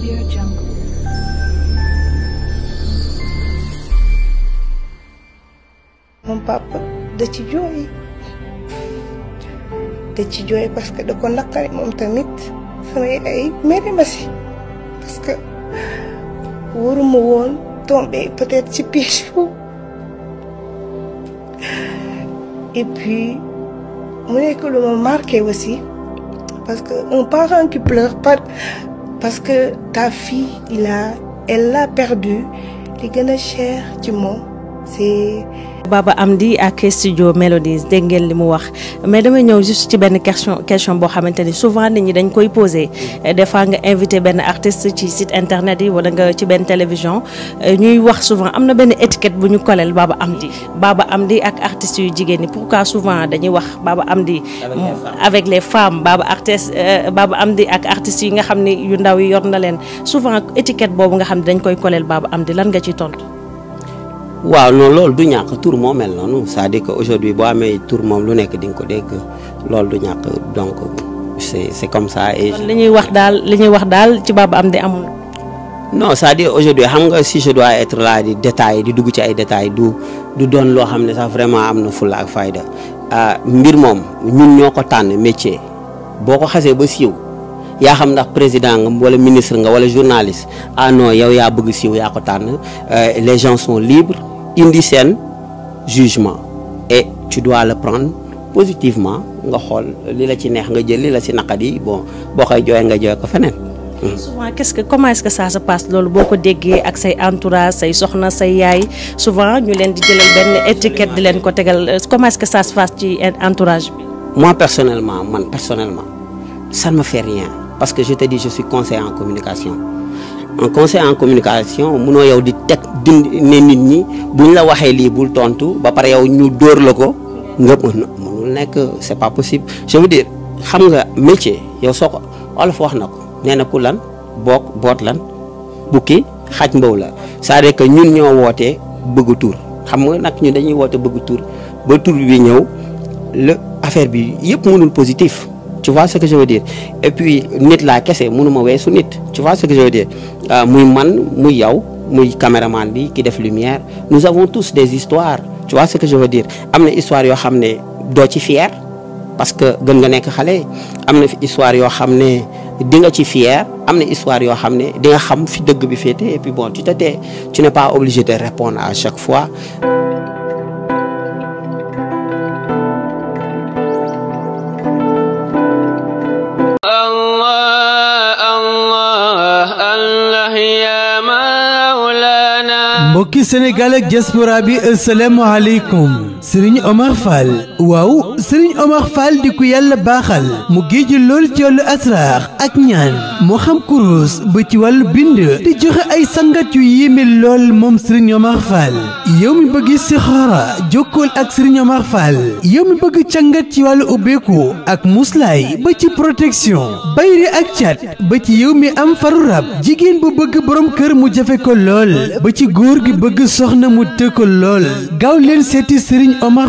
Jungle. Mon papa de ci jooy de ci jooy parce que de connaître mon moom tamit m'a ay parce que waruma woon tombé peut-être si pire. et puis mon école ma marqué aussi parce que un parent qui pleure pas parce que ta fille il a elle l'a perdu Les chère du monde c'est Baba Amdi ak studio Melodies dengel ngeen li mu wax mais dama ñëw juste ci ben question question bo xamanteni souvent nit ñi dañ koy poser euh, des fois nga invité ben artiste ci site internet yi wala nga ci ben télévision euh, ñuy wax souvent amna ben étiquette bu ñu koleel Baba Amdi Baba Amdi ak artiste yu jigéen ni pourquoi souvent dañuy wax Baba Amdi avec les femmes Baba artiste euh, Baba Amdi ak artiste yi nga xam yu ndaw yi yor na len souvent étiquette bobu nga xam dañ koy koleel Baba Amdi lan nga ci tontu waaw non loolu du ñàkk tour mo mel noonu ça dit que aujourd'hui bo amé tour mom lu nekk di nga ko dégg loolu du ñàkk donc c'est c'est comme ça. et li ñuy wax dal li ñuy wax dal ci am Amdy amul. non ça dit aujourd'hui xam nga si je dois être là di détail di dugg ci ay détails du du doon lo xamné ça vraiment amna na fulla ak fayda ah, mbir mom ñun ñoko ko métier boko xasse ba siw ya xam ndax président nga wala ministre nga wala journaliste ah non yow ya bëgg siw ya ko tànn eh, les gens sont libres indi jugement et tu dois le prendre positivement nga xol li la ci neex nga jël li la ci naqadi bon boo koy jooy nga jooy ko hmm. souvent qu'est-ce que comment est-ce que ça se passe loolu boko déggé ak say entourage say soxna say yaay souvent ñu len di jëlal ben étiquette di len ko tégal comment est-ce que ça se passe ci entourage bi. moi personnellement man personnellement ça ne me fait rien parce que je te dis je suis conseiller en communication en euh, conseil en communication munoo yow di tek ne nit ñi buñ la waxé li bul tontu ba yow ñu c'est pas possible je veux dire xam nga métier yow soko olof wax nako néna lan xaj dire que ñun ñoo woté bëgg tour xam nga nak ñu dañuy bëgg ba bi affaire bi positif tu vois ce que je veux dire et puis nit laa kese mënuma weesu nit tu vois ce que je veux dire euh, muy man muy yaw muy caméraman bi ki def lumière nous avons tous des histoires tu vois ce que je veux dire am histoire yo xamné do ci fier parce que gën nga nek xalé amna histoire yo xamné di nga ci fier amna histoire yo xamné di nga xam fi deug bi fété et puis bon tu te tu n'es pas obligé de répondre à chaque fois mbokki Sénégal ak diaspora bi asalaamaaleykum Serigne Omar Fall waaw Serigne Omar Fall di ku yàlla baaxal mu géeju lool ci wàllu asraar ak ñaan moo xam kurus ba ci wàllu bind di joxe ay sangat yu yéeme lool moom Serigne Omar Fall yow mi bëgg sixaara jokkool ak Serigne Omar Fall yow mi bëgg càngat ci wàllu ubbeeku ak muslaay ba ci protection bayri ak cat ba ci yow mi am faru rab jigéen bu bëgg borom kër mu jafe ko lool ba ci góor gi bëgg soxna mu të ko lool gaaw leen seeti sëriñ Omar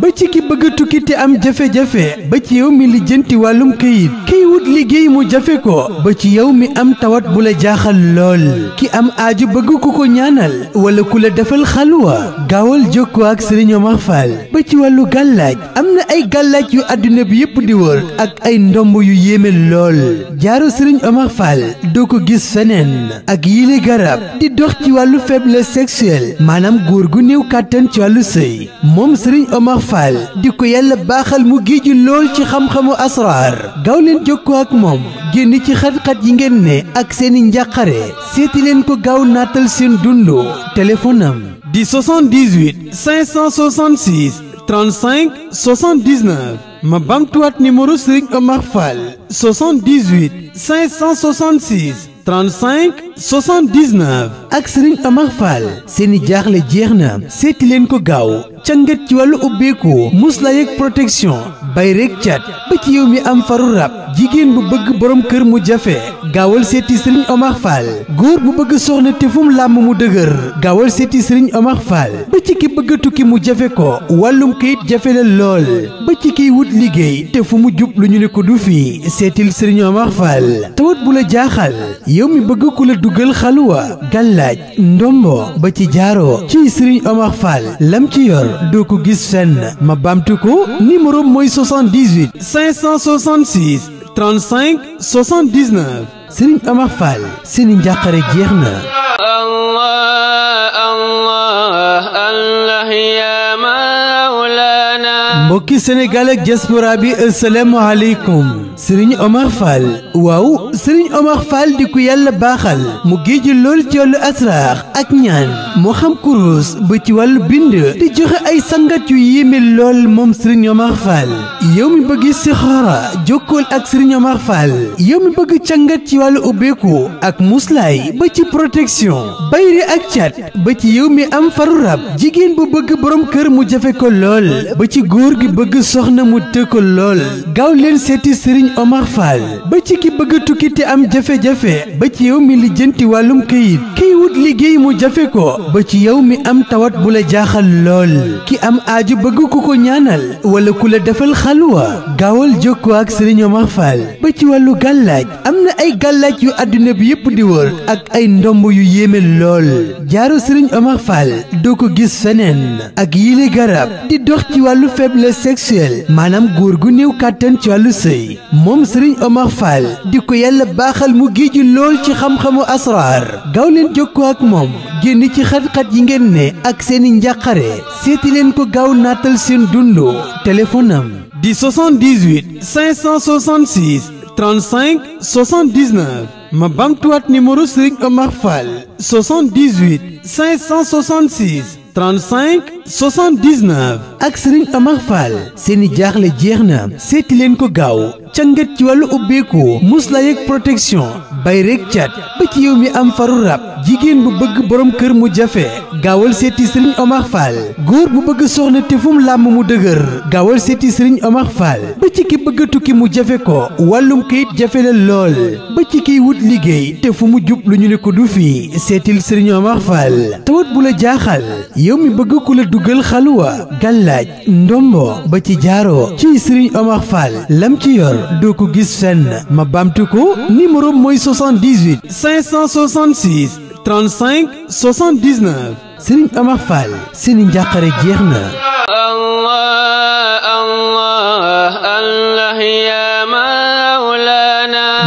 ba ci ki bëgg tukki te am jafe-jafe ba ci yow mi lijjanti wàllum këyit kiy wut liggéey mu jafe ko ba ci yow mi am tawat bu la jaaxal lool ki am aaju bëgg ku ko ñaanal wala ku la defal xalwa gaawal jokkoo ak sëriñ Omar Fall ba ci wàllu gàllaaj am na ay gàllaaj yu àdduna bi yépp di wër ak ay ndomb yu yéeme lool jaaro sëriñ Omar Fall doo ko gis feneen ak yile garab di dox ci wàllu faible sexuel maanaam góor gu néew kàttan ci wàllu sëy moom sëriñ Omar Fall di ko yàlla baaxal mu géeju lool ci xamxamu xamu asraar gaaw leen jokkoo ak moom génn ci xat-xat yi ngeen ne ak seeni njàqare seeti leen ko gaaw naatal seen dundu téléphone am di 78 566 35 79 ma bamtuwaat numéro sëriñ Omar Fall 78 35 79 ak Serigne fal Fall seeni jaaxle jeex na seeti leen ko gaaw cangat ci wàllu ubbeeku muslaay ak protection bay rek ba ci yow mi am faru rab jigéen bu bëgg boroom kër mu jafe gaawal seeti sëriñ Omar Fall góor bu bëgg soxna te fu làmm mu dëgër gaawal seeti sëriñ Omar Fall ba ci ki bëgg a mu jafe ko wàllum kayit jafe la lool ba ci kiy wut liggéey te fu mu jub lu ñu ne ko du fii seetil sëriñ Omar Fall tawat bu la jaaxal yow mi bëgg ku la dugal xaluwa gàllaaj ndombo ba ci jaaroo ci sëriñ Omar fal lam ci yor doo ko gis fenn ma baamtu ko numéro mooy 578 566 35 79 Serigne Amar na Allah Allah Allah ya mbokki Sénégal ak diaspora bi asalaamaaleykum Serigne Omar Fall waaw Serigne Omar Fall di ku yàlla baaxal mu géeju lool ci wàllu asraar ak ñaan moo xam kurus ba ci wàllu bind di joxe ay sangat yu yéeme lool moom Serigne Omar Fall yow mi bëgg sixaara jokkool ak Serigne Omar Fall yow mi bëgg càngat ci wàllu ubbeeku ak muslaay ba ci protection bayre ak cat ba ci yow mi am faru rab jigéen bu bëgg borom kër mu jafe ko lool ba ci góor góor gi bëgg soxna mu tëkk lool gaaw leen seeti sëriñ Omar Fall ba ci ki bëgg tukki te am jafe-jafe ba ci yow mi lijjanti wàllum këyit kiy wut liggéey mu jafe ko ba ci yow mi am tawat bu la jaaxal lool ki am aaju bëgg ku ko ñaanal wala ku la defal xalwa gaawal jokkoo ak sëriñ Omar Fall ba ci wàllu gàllaaj am na ay gàllaaj yu àdduna bi yépp di wër ak ay ndomb yu yéeme lool jaaro sëriñ Omar Fall doo ko gis feneen ak yile garab di dox ci wàllu feebar faible sexuel maanaam góor gu néew kàttan ci wàllu sëy moom sëriñ Omar Fall di ko yàlla baaxal mu géeju lool ci xamxamu xamu asraar gaaw leen jokkoo ak moom génn ci xat-xat yi ngeen ne ak seeni njàqare seeti leen ko gaaw naatal seen dundu téléphone am di 78 566 35 79 ma bamtuwaat numéro sëriñ Omar Fall 35 79 ak Serigne Amar Fall seeni jaaxle jeex na seeti leen ko gaaw ca cangat ci wàllu ubbeeku muslaay ak protection bay rek cat ba ci yow mi am faru rab jigéen bu bëgg borom kër mu jafe gaawal seeti Serigne Omar Fall góor bu bëgg soxna te fu mu làmb mu dëgër gaawal seeti Serigne Omar Fall ba ci ki bëgg a mu jafe ko wàllum kayit jafe la lool ba ci kiy wut liggéey te fu mu jub lu ñu ne ko du fii seetil Serigne Omar Fall tawat bu la jaaxal yow mi bëgg ku la dugal xaluwa gàllaaj ndombo ba ci jaaroo ci Serigne Omar Fall lam ci yor doo ko gis fenn ma baamtu ko numéro mooy 78 566 35 79 Serigne Amar Fall seeni njàqare jeex na Allah Allah Allah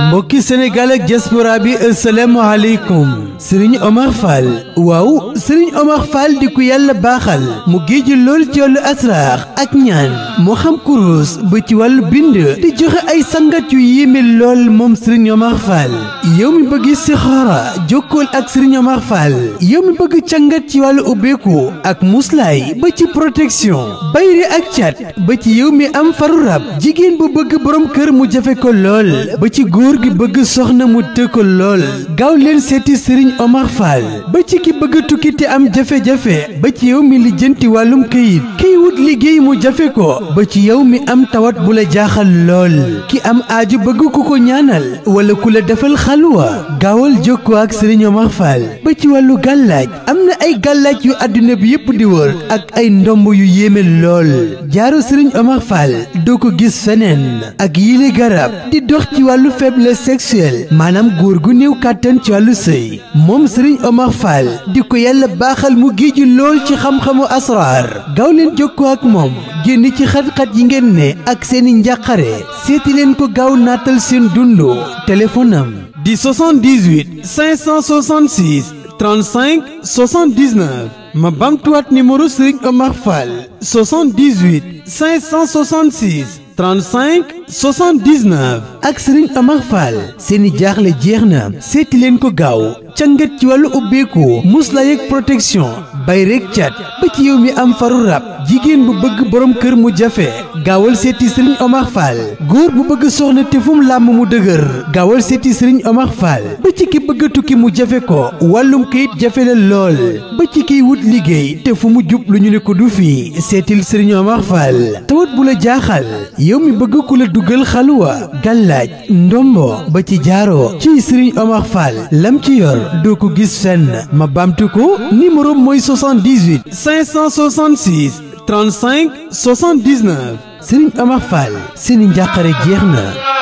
mbokki Sénégal ak diaspora bi asalaamaaleykum Serigne Omar Fall waaw Serigne Omar Fall di ku yàlla baaxal mu géeju lool ci wàllu asraar ak ñaan moo xam kurus ba ci wàllu bind di joxe ay sangat yu yéeme lool moom Serigne Omar Fall yow mi bëgg sixaara jokkool ak Serigne Omar Fall yow mi bëgg càngat ci wàllu ubbeeku ak muslaay ba ci protection bayri ak cat ba ci yow mi am faru rab jigéen bu bëgg borom kër mu jafe ko lool ba ci góor góor gi bëgg soxna mu të ko lool gaaw leen seeti sëriñ Omar Fall ba ci ki bëgg tukki te am jafe-jafe ba ci yow mi lijjanti wàllum këyit kiy wut liggéey mu jafe ko ba ci yow mi am tawat bu la jaaxal lool ki am aaju bëgg ku ko ñaanal wala ku la defal xalwa gaawal jokkoo ak sëriñ Omar Fall ba ci wàllu gàllaaj am na ay gàllaaj yu àdduna bi yépp di wër ak ay ndomb yu yéeme lool jaaro sëriñ Omar Fall doo ko gis feneen ak yile garab di dox ci wàllu feebar faible sexuel maanaam góor gu néew kàttan ci wàllu sëy moom sëriñ Omar Fall di ko yàlla baaxal mu géeju lool ci xam-xamu asraar gaaw leen jokkoo ak moom génn ci xat-xat yi ngeen ne ak seeni njàqare seeti leen ko gaaw naatal seen dundu téléphone am di 78 566 35 79 ma bamtuwaat numéro sëriñ Omar Fall 78 35 79 ak Serigne Amar Fall seeni jaaxle jeex na seeti leen ko gaaw ca càngat ci wàllu ubbeeku musla yeeg protection bay rek cat ba ci yow mi am faru rab jigéen bu bëgg borom kër mu jafe gaawal seeti sëriñ Omar Fall góor bu bëgg soxna te fum làmb mu dëgër gaawal seeti sëriñ Omar Fall ba ci ki bëgg tukki mu jafe ko wàllum kayit jafe la lool ba ci kiy wut liggéey te fu mu jub lu ñu ne ko du fii seetil sëriñ Omar Fall tawat bu la jaaxal yow mi bëgg ku la dugal xaluwa gàllaaj ndombo ba ci jaaroo ci sëriñ Omar Fall lam ci yor doo ko gis fenn ma baamtu ko numéro mooy 78 566 35 79 Serigne Amar Fall seeni njàqare jeex na